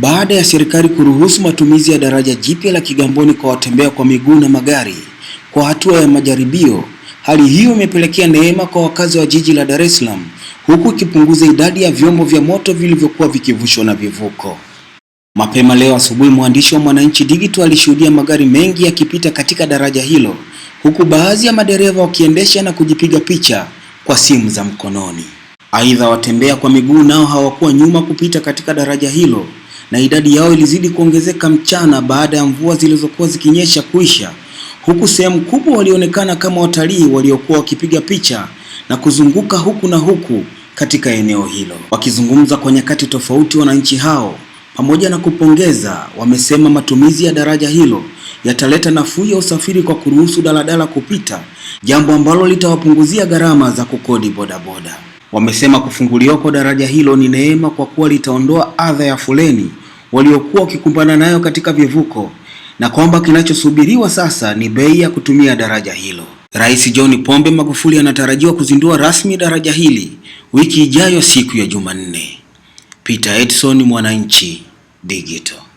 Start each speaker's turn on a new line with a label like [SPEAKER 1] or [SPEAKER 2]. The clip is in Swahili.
[SPEAKER 1] Baada ya serikali kuruhusu matumizi ya daraja jipya la Kigamboni kwa watembea kwa miguu na magari kwa hatua ya majaribio, hali hiyo imepelekea neema kwa wakazi wa jiji la Dar es Salaam, huku ikipunguza idadi ya vyombo vya moto vilivyokuwa vikivushwa na vivuko. Mapema leo asubuhi, mwandishi wa Mwananchi Digital alishuhudia magari mengi yakipita katika daraja hilo, huku baadhi ya madereva wakiendesha na kujipiga picha kwa simu za mkononi. Aidha, watembea kwa miguu nao hawakuwa nyuma kupita katika daraja hilo na idadi yao ilizidi kuongezeka mchana baada ya mvua zilizokuwa zikinyesha kuisha, huku sehemu kubwa walionekana kama watalii waliokuwa wakipiga picha na kuzunguka huku na huku katika eneo hilo. Wakizungumza kwa nyakati tofauti, wananchi hao pamoja na kupongeza, wamesema matumizi ya daraja hilo yataleta nafuu ya usafiri kwa kuruhusu daladala kupita, jambo ambalo litawapunguzia gharama za kukodi bodaboda. Wamesema kufunguliwa kwa daraja hilo ni neema kwa kuwa litaondoa adha ya foleni waliokuwa wakikumbana nayo katika vivuko na kwamba kinachosubiriwa sasa ni bei ya kutumia daraja hilo. Rais John Pombe Magufuli anatarajiwa kuzindua rasmi daraja hili wiki ijayo siku ya Jumanne. Peter Edson, Mwananchi Digital.